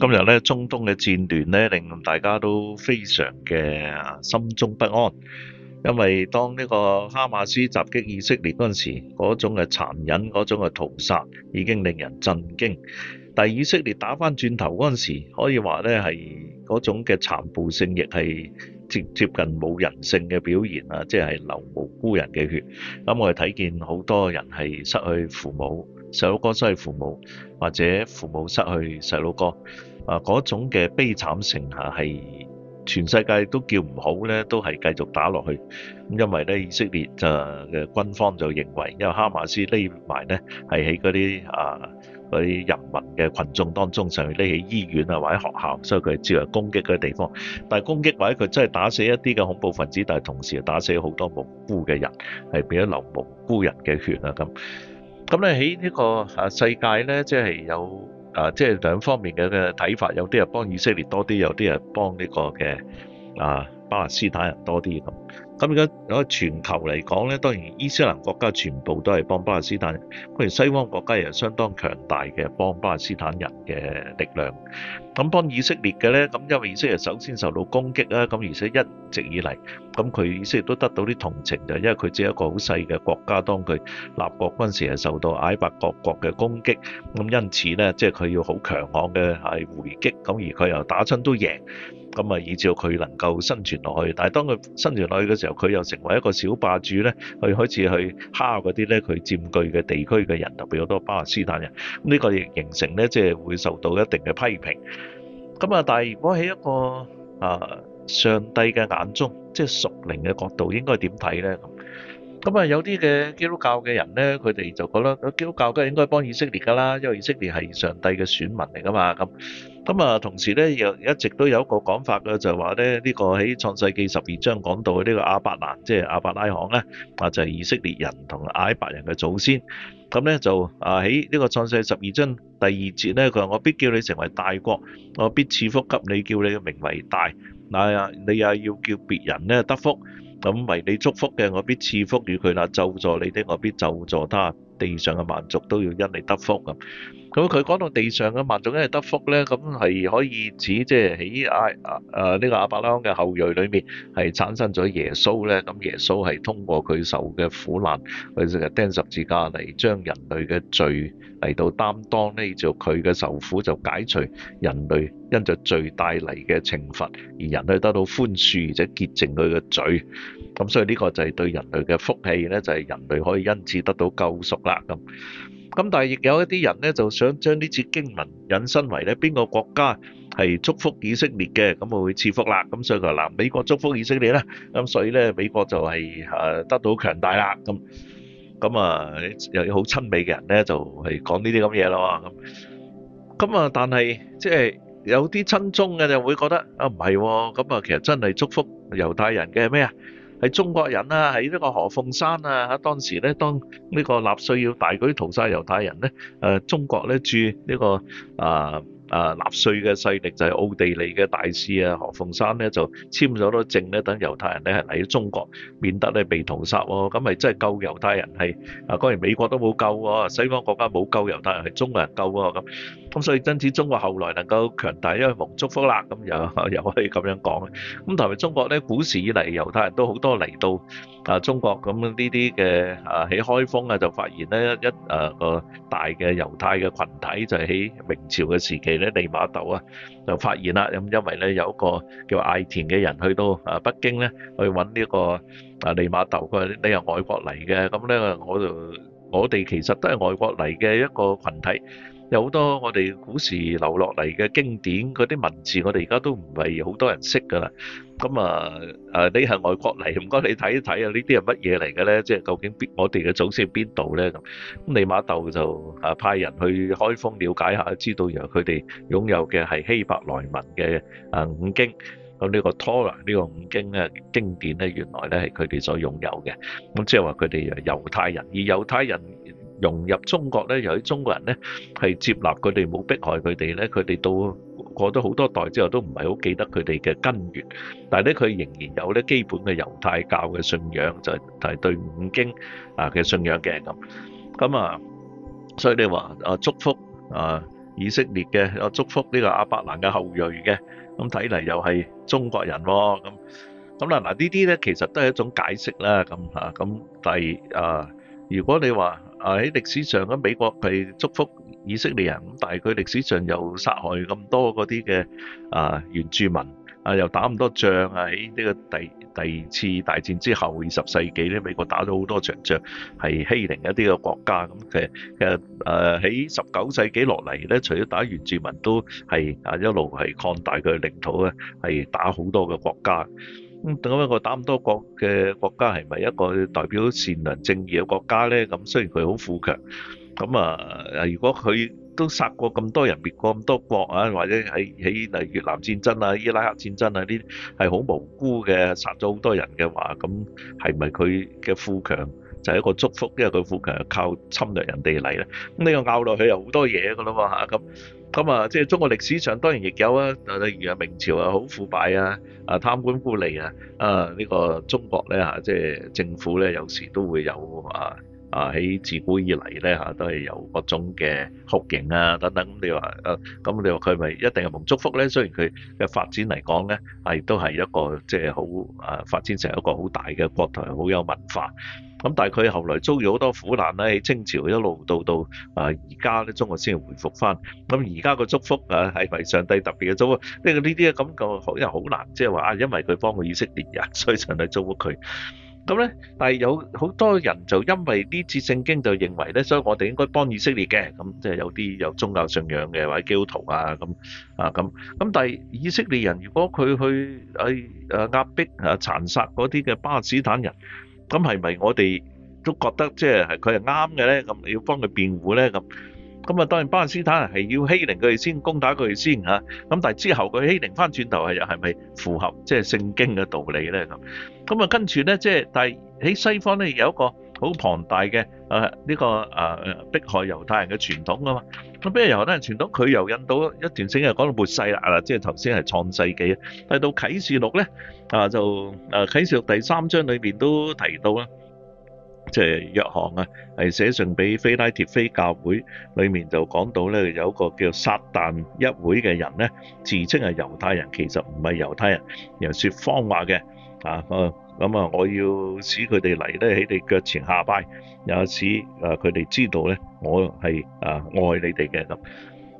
今日咧，中東嘅戰亂咧，令大家都非常嘅心中不安。因為當呢個哈馬斯襲擊以色列嗰陣時，嗰種嘅殘忍、嗰種嘅屠殺已經令人震驚。但以色列打返轉頭嗰陣時，可以話咧係嗰種嘅殘暴性，亦係接接近冇人性嘅表現啊！即係流無辜人嘅血。咁、嗯、我哋睇見好多人係失去父母、細佬哥失去父母，或者父母失去細佬哥。啊！嗰種嘅悲慘性嚇、啊、係全世界都叫唔好咧，都係繼續打落去。咁因為咧，以色列就嘅、啊、軍方就認為，因為哈馬斯匿埋咧，係喺嗰啲啊啲人民嘅群眾當中上，上去匿起醫院啊，或者學校，所以佢視為攻擊嘅地方。但係攻擊或者佢真係打死一啲嘅恐怖分子，但係同時打死好多無辜嘅人，係變咗流無辜人嘅血啊！咁咁咧喺呢個啊世界咧，即係有。啊，即係兩方面嘅嘅睇法，有啲係幫以色列多啲，有啲係幫呢個嘅啊巴勒斯坦人多啲咁。咁而家喺全球嚟講咧，當然伊斯蘭國家全部都係幫巴勒斯坦人。固然西方國家又相當強大嘅幫巴勒斯坦人嘅力量。咁幫以色列嘅咧，咁因為以色列首先受到攻擊啦，咁而且一直以嚟，咁佢以色列都得到啲同情，就因為佢只係一個好細嘅國家，當佢立國陣時係受到阿拉伯各國嘅攻擊，咁因此咧，即係佢要好強悍嘅係回擊，咁而佢又打親都贏。咁啊，以致佢能夠生存落去，但係當佢生存落去嘅時候，佢又成為一個小霸主咧，去開始去蝦嗰啲咧，佢佔據嘅地區嘅人，特別好多巴勒斯坦人，咁呢個形成咧，即係會受到一定嘅批評。咁啊，但係如果喺一個啊上帝嘅眼中，即係屬靈嘅角度，應該點睇咧？咁啊，有啲嘅基督教嘅人咧，佢哋就覺得基督教梗係應該幫以色列噶啦，因為以色列係上帝嘅選民嚟噶嘛。咁咁啊，同時咧又一直都有一個講法嘅，就係話咧呢個喺創世記十二章講到嘅呢個亞伯蘭，即係亞伯拉罕咧，啊就係以色列人同阿伯人嘅祖先。咁咧就啊喺呢個創世記十二章第二節咧，佢話我必叫你成為大國，我必賜福給你，叫你嘅名為大。嗱，你又要叫別人咧得福。咁為你祝福嘅，我必賜福與佢啦；咒詛你的，我必咒詛他。地上嘅萬族都要因你得福咁。咁佢講到地上嘅萬族因你得福咧，咁係可以指即係喺亞啊呢個阿伯拉罕嘅後裔裏面係產生咗耶穌咧。咁耶穌係通過佢受嘅苦難，佢成日釘十字架嚟將人類嘅罪嚟到擔當呢，就佢嘅受苦就解除人類因着罪帶嚟嘅懲罰，而人類得到寬恕，而且潔淨佢嘅罪。咁所以呢個就係對人類嘅福氣咧，就係人類可以因此得到救贖啦。咁咁，但係亦有一啲人咧，就想將呢次經文引申為咧，邊個國家係祝福以色列嘅咁啊，會賜福啦。咁所以佢就話嗱，美國祝福以色列啦。咁所以咧，美國就係誒得到強大啦。咁咁啊，又要好親美嘅人咧，就係講呢啲咁嘢咯。咁咁啊，但係即係有啲親中嘅就會覺得啊，唔係咁啊，其實真係祝福猶太人嘅咩啊？係中國人啊，喺呢個何鳳山啊，當當時呢當這呢個納粹要大舉屠殺猶太人呢、呃、中國呢駐呢、這個啊。呃啊！納粹嘅勢力就係奧地利嘅大使啊，何鳳山咧就簽咗多證咧，等猶太人咧係嚟咗中國，免得咧被屠殺喎。咁咪真係救猶太人係啊。當然美國都冇救喎，西方國家冇救猶太人，係中國人救喎咁。咁所以真係中國後來能夠強大，因為蒙祝福啦。咁又又可以咁樣講。咁同埋中國咧，古時以嚟猶太人都好多嚟到啊中國咁，呢啲嘅啊喺開封啊就發現咧一誒個大嘅猶太嘅群體就係喺明朝嘅時期。利瑪竇啊，就發現啦。咁因為咧有一個叫艾田嘅人去到啊北京咧，去揾呢個啊利瑪竇，佢話，你係外國嚟嘅。咁咧，我就我哋其實都係外國嚟嘅一個群體。有好多我哋古時留落嚟嘅經典，嗰啲文字我哋而家都唔係好多人識噶啦。咁啊你係外國嚟，唔該你睇一睇啊，呢啲係乜嘢嚟嘅咧？即係究竟邊我哋嘅祖先邊度咧咁？利瑪竇就啊，派人去開封了解下，知道呀，佢哋擁有嘅係希伯來文嘅啊五經。咁呢個《Tora》呢個五經咧經典咧，原來咧係佢哋所擁有嘅。咁即係話佢哋啊猶太人，而猶太人。融入中國咧，由於中國人咧係接納佢哋，冇迫害佢哋咧。佢哋到過咗好多代之後，都唔係好記得佢哋嘅根源，但係咧佢仍然有咧基本嘅猶太教嘅信仰，就係就係對五經啊嘅信仰嘅咁咁啊。所以你話啊祝福啊以色列嘅，又祝福呢個亞伯蘭嘅後裔嘅，咁睇嚟又係中國人喎，咁咁，嗱嗱，呢啲咧其實都係一種解釋啦，咁吓咁，但係啊如果你話。啊！喺歷史上，咁美國係祝福以色列人，咁但係佢歷史上又殺害咁多嗰啲嘅啊原住民啊，又打咁多仗啊！喺呢個第第二次大戰之後，二十世紀咧，美國打咗好多場仗，係欺凌一啲嘅國家咁嘅。其實誒喺十九世紀落嚟咧，除咗打原住民，都係啊一路係擴大佢嘅領土咧，係打好多嘅國家。咁咁一個打咁多國嘅國家係咪一個代表善良正義嘅國家呢？咁雖然佢好富強，咁啊，如果佢都殺過咁多人、滅過咁多國啊，或者喺越南戰爭啊、伊拉克戰爭啊呢啲係好無辜嘅，殺咗好多人嘅話，咁係咪佢嘅富強就係一個祝福？因為佢富強係靠侵略人哋嚟呢。咁呢個咬落去有好多嘢㗎啦嘛咁。咁、嗯、啊，即係中國歷史上當然亦有啊，例如啊明朝啊好腐敗啊，啊貪官污吏啊，啊呢個中國咧嚇、啊，即係政府咧有時都會有啊，啊喺自古以嚟咧嚇都係有各種嘅酷刑啊等等。你話啊，咁你話佢咪一定係蒙祝福咧？雖然佢嘅發展嚟講咧係都係一個即係好啊發展成一個好大嘅國台，好有文化。咁但係佢後來遭遇好多苦難咧，喺清朝一路到到啊而家咧，中國先回復翻。咁而家個祝福啊，係咪上帝特別嘅祝福？呢啲咁感覺又好難，即係話啊，因為佢幫個以色列人，所以上帝祝福佢。咁咧，但係有好多人就因為呢次聖經就認為咧，所以我哋應該幫以色列嘅。咁即係有啲有宗教信仰嘅或者基督徒啊咁啊咁。咁但係以色列人如果佢去誒誒壓迫啊殘殺嗰啲嘅巴勒斯坦人。咁係咪我哋都覺得即係係佢係啱嘅咧？咁你要幫佢辯護咧？咁咁啊，當然巴勒斯坦係要欺凌佢哋先攻打佢哋先嚇。咁但係之後佢欺凌返轉頭係又係咪符合即係聖經嘅道理咧？咁咁啊，跟住咧即係但係喺西方咧有一個好龐大嘅啊呢、這個啊迫害猶太人嘅傳統啊嘛，咁迫害猶太人傳統佢由印度一段先又講到末世啦嗱，即係頭先係創世記啊，但係到啟示錄咧啊就啊啟示錄第三章裏邊都提到啦，即、就、係、是、約翰啊係寫信俾非拉鐵非教會裏面就講到咧有一個叫撒旦一會嘅人咧，自稱係猶太人，其實唔係猶太人，又說謊話嘅啊。啊咁啊，我要使佢哋嚟咧，喺你腳前下拜，又使啊佢哋知道咧，我係啊愛你哋嘅咁。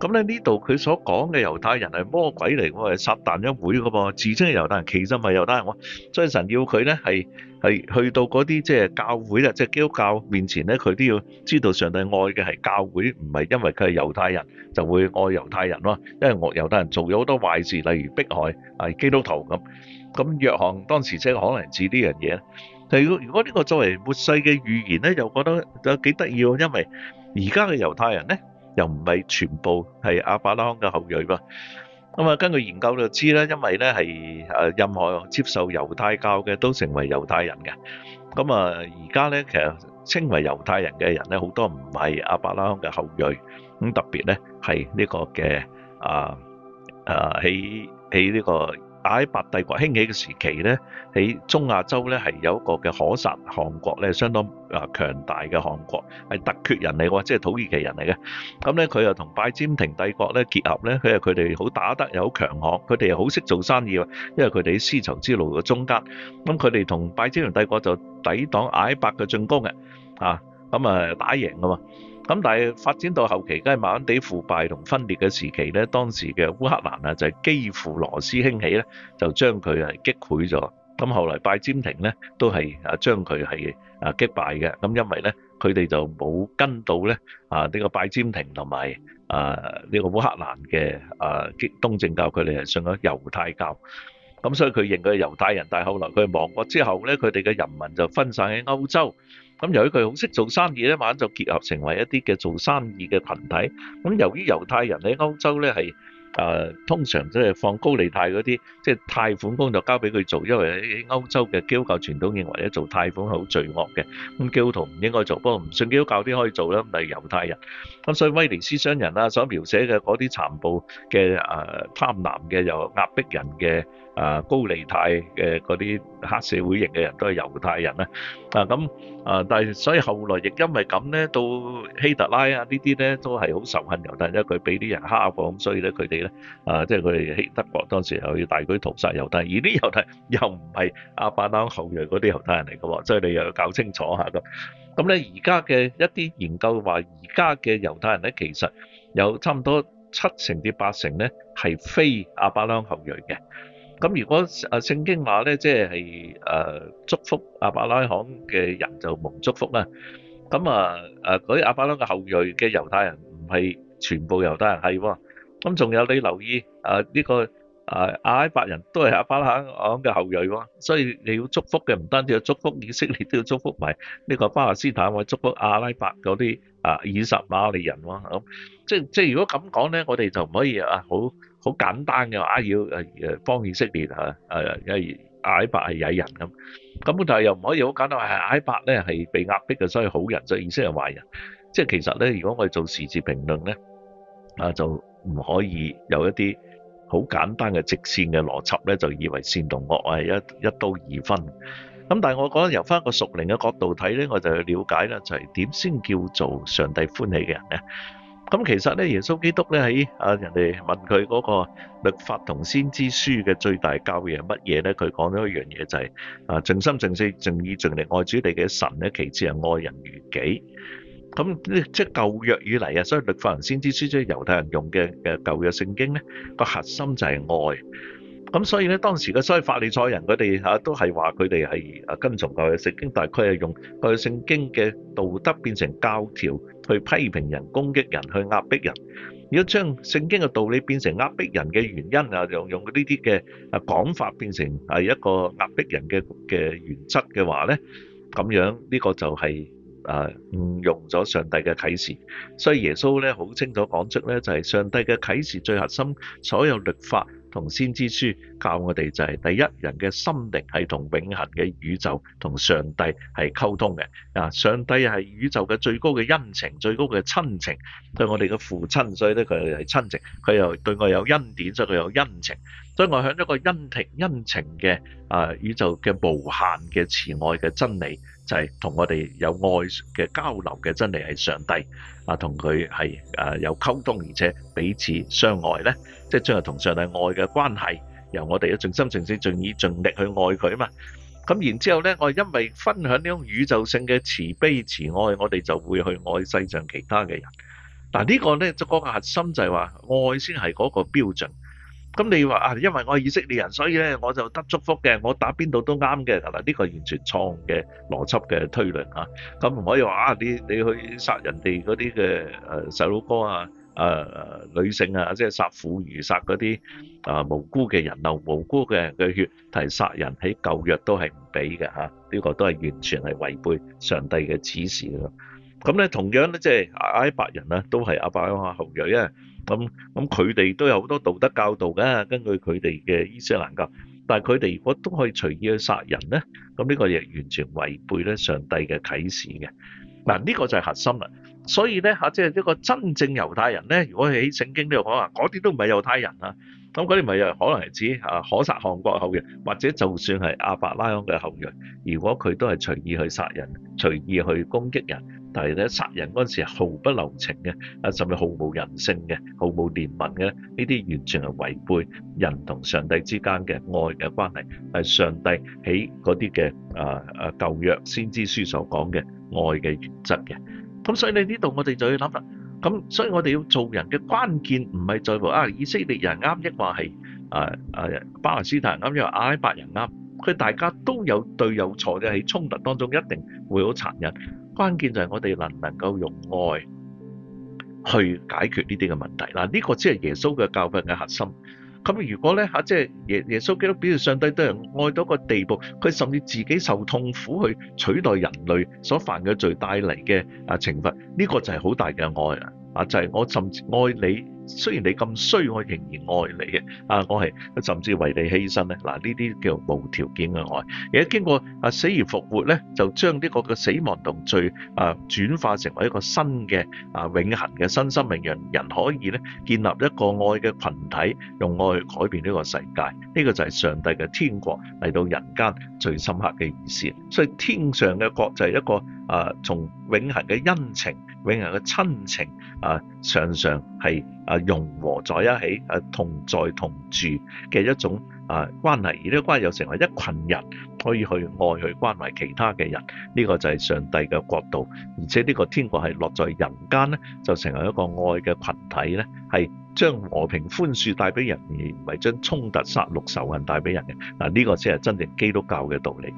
咁咧呢度佢所講嘅猶太人係魔鬼嚟喎，係撒旦一會㗎噃，自稱係猶太人，其實唔係猶太人喎。所以神要佢咧係去到嗰啲即係教會啊，即係基督教面前咧，佢都要知道上帝愛嘅係教會，唔係因為佢係猶太人就會愛猶太人咯。因為我猶太人做咗好多壞事，例如迫害啊基督徒咁。咁約翰當時即係可能指呢樣嘢。但如果呢個作為末世嘅預言咧，又覺得有幾得意喎，因為而家嘅猶太人咧。又唔係全部係亞伯拉罕嘅後裔噉啊，根據研究就知啦，因為咧係誒任何接受猶太教嘅都成為猶太人嘅咁啊，而家咧其實稱為猶太人嘅人咧好多唔係亞伯拉罕嘅後裔，咁特別咧係呢個嘅誒誒喺喺呢個。阿拉伯帝國興起嘅時期咧，喺中亞洲咧係有一個嘅可薩汗國咧，相當啊強大嘅汗國，係突厥人嚟嘅，即係土耳其人嚟嘅。咁咧佢又同拜占庭帝國咧結合咧，佢係佢哋好打得又好強悍，佢哋又好識做生意，因為佢哋喺絲綢之路嘅中間。咁佢哋同拜占庭帝國就抵擋阿拉伯嘅進攻嘅，啊咁啊打贏㗎嘛。咁但係發展到後期，梗係慢慢地腐敗同分裂嘅時期咧。當時嘅烏克蘭啊，就係基輔羅斯興起咧，就將佢啊擊潰咗。咁後來拜占庭咧，都係啊將佢係啊擊敗嘅。咁因為咧，佢哋就冇跟到咧啊呢個拜占庭同埋呢個烏克蘭嘅啊東正教，佢哋係信咗猶太教。咁所以佢認佢猶太人，但係後來佢亡國之後咧，佢哋嘅人民就分散喺歐洲。咁由於佢好識做生意咧，慢慢就結合成為一啲嘅做生意嘅群體。咁由於猶太人喺歐洲咧，係誒通常即係放高利貸嗰啲，即、就、係、是、貸款工作交俾佢做，因為喺歐洲嘅基督教傳統認為咧，做貸款係好罪惡嘅。咁基督徒唔應該做，不過唔信基督教啲可以做啦。咁但係猶太人，咁所以威尼斯商人啦、啊、所描寫嘅嗰啲殘暴嘅誒、呃、貪婪嘅又壓迫人嘅。啊，高利貸嘅嗰啲黑社會型嘅人都係猶太人啦、啊，啊咁啊，但、啊、係所以後來亦因為咁咧，到希特拉啊這些呢啲咧都係好仇恨猶太人，因為佢俾啲人蝦過，咁所以咧佢哋咧啊，即係佢哋德國當時又要大舉屠殺猶太人，而啲猶太又唔係阿巴朗後裔嗰啲猶太人嚟嘅喎，所以你又要搞清楚下咁。咁咧而家嘅一啲研究話，而家嘅猶太人咧其實有差唔多七成至八成咧係非阿巴朗後裔嘅。咁如果啊聖經話咧，即係係誒祝福亞伯拉罕嘅人就蒙祝福啦。咁啊誒，嗰啲亞伯拉罕後裔嘅猶太人唔係全部猶太人係喎。咁仲有，你留意誒呢個誒阿拉伯人都係亞伯拉罕嘅後裔喎。所以你要祝福嘅唔單止要祝福以色列，都要祝福埋呢個巴勒斯坦，或者祝福阿拉伯嗰啲啊以實瑪利人喎。咁即即係如果咁講咧，我哋就唔可以啊好。好簡單嘅，阿爾誒誒方以色列，嚇，誒因為矮伯係曳人咁，根本就係又唔可以好簡單話矮伯咧係被壓迫嘅，所以好人，所以以色列係壞人。即係其實咧，如果我哋做時事評論咧，啊就唔可以有一啲好簡單嘅直線嘅邏輯咧，就以為善同惡係一一刀二分。咁但係我覺得由翻個熟齡嘅角度睇咧，我就去了解咧，就係點先叫做上帝歡喜嘅人咧？咁其實咧，耶穌基督咧喺啊人哋問佢嗰個律法同先知書嘅最大教義係乜嘢咧？佢講咗一樣嘢就係啊，盡心、盡性、盡意、盡力愛主你嘅神咧。其次係愛人如己。咁即係舊約以嚟啊，所以律法同先知書即係猶太人用嘅嘅舊約聖經咧，個核心就係愛。咁所以咧，當時嘅所謂法利賽人佢哋嚇都係話佢哋係啊跟從舊約聖經，大概係用舊約聖經嘅道德變成教條。去批評人、攻擊人、去壓迫人，如果將聖經嘅道理變成壓迫人嘅原因啊，用用呢啲嘅講法變成一個壓迫人嘅嘅原則嘅話呢，咁樣呢、呢個就係啊誤用咗上帝嘅啟示。所以耶穌呢，好清楚講出呢，就係、是、上帝嘅啟示最核心，所有律法。同先知書教我哋就係，第一人嘅心靈係同永恒嘅宇宙同上帝係溝通嘅啊！上帝係宇宙嘅最高嘅恩情，最高嘅親情，對我哋嘅父親，所以咧佢係親情，佢又對我有恩典，所以佢有恩情，所以我喺一個恩情、恩情嘅啊宇宙嘅無限嘅慈愛嘅真理。就係同我哋有愛嘅交流嘅真理係上帝啊，同佢係誒有溝通，而且彼此相愛咧，即係將係同上帝愛嘅關係，由我哋嘅盡心盡性盡意盡力去愛佢啊嘛。咁然之後咧，我因為分享呢種宇宙性嘅慈悲慈愛，我哋就會去愛世上其他嘅人。嗱，呢個咧，就個核心就係話愛先係嗰個標準。咁、嗯、你話啊，因為我係以色列人，所以咧我就得祝福嘅，我打邊度都啱嘅。嗱呢個完全錯誤嘅邏輯嘅推論啊！咁唔可以話啊，你你去殺人哋嗰啲嘅誒細佬哥啊、呃、女性啊，即係殺婦如殺嗰啲啊無辜嘅人流、無辜嘅嘅血，同殺人喺舊約都係唔俾嘅，呢個都係完全係違背上帝嘅指示。咁咧、啊、同樣咧，即係阿拉伯人呢都係亞伯拉罕後裔啊。啊咁咁佢哋都有好多道德教導嘅，根據佢哋嘅伊斯蘭教，但佢哋如果都可以隨意去殺人咧，咁呢個亦完全違背咧上帝嘅啟示嘅。嗱呢、這個就係核心啦。所以咧即係一個真正猶太人咧，如果喺聖經呢度講話，嗰啲都唔係猶太人啊。咁嗰啲咪又可能係指可殺韓國後裔，或者就算係阿伯拉罕嘅後裔，如果佢都係隨意去殺人、隨意去攻擊人。但係咧，殺人嗰陣時係毫不留情嘅，啊，甚至毫無人性嘅，毫無憐憫嘅咧。呢啲完全係違背人同上帝之間嘅愛嘅關係，係上帝喺嗰啲嘅啊啊舊約先知書所講嘅愛嘅原則嘅。咁所以你呢度我哋就要諗啦。咁所以我哋要做人嘅關鍵唔係在乎啊以色列人啱抑或係啊啊巴勒斯坦人啱抑或阿拉伯人啱，佢大家都有對有錯嘅，喺衝突當中一定會好殘忍。關鍵就係我哋能唔能夠用愛去解決呢啲嘅問題嗱，呢個只係耶穌嘅教訓嘅核心。咁如果咧吓，即係耶耶穌基督表示上帝對人愛到個地步，佢甚至自己受痛苦去取代人類所犯嘅罪帶嚟嘅啊懲罰，呢個就係好大嘅愛啊！啊，就係我甚至愛你，雖然你咁衰，我仍然愛你啊！我係甚至為你犧牲咧。嗱，呢啲叫無條件嘅愛。而喺經過啊死而復活咧，就將呢個嘅死亡同罪啊轉化成為一個新嘅啊永恆嘅新生命，讓人可以咧建立一個愛嘅羣體，用愛去改變呢個世界。呢個就係上帝嘅天國嚟到人間最深刻嘅意思。所以天上嘅國就係一個啊從永恆嘅恩情。永恆嘅親情啊，常常係啊融合在一起，啊同在同住嘅一種啊關係，而呢個關係又成為一群人可以去愛去關懷其他嘅人，呢個就係上帝嘅國度，而且呢個天國係落在人間呢，就成為一個愛嘅群體，呢係將和平寬恕帶俾人，而唔係將衝突殺戮仇恨帶俾人嘅。嗱，呢個先係真正基督教嘅道理。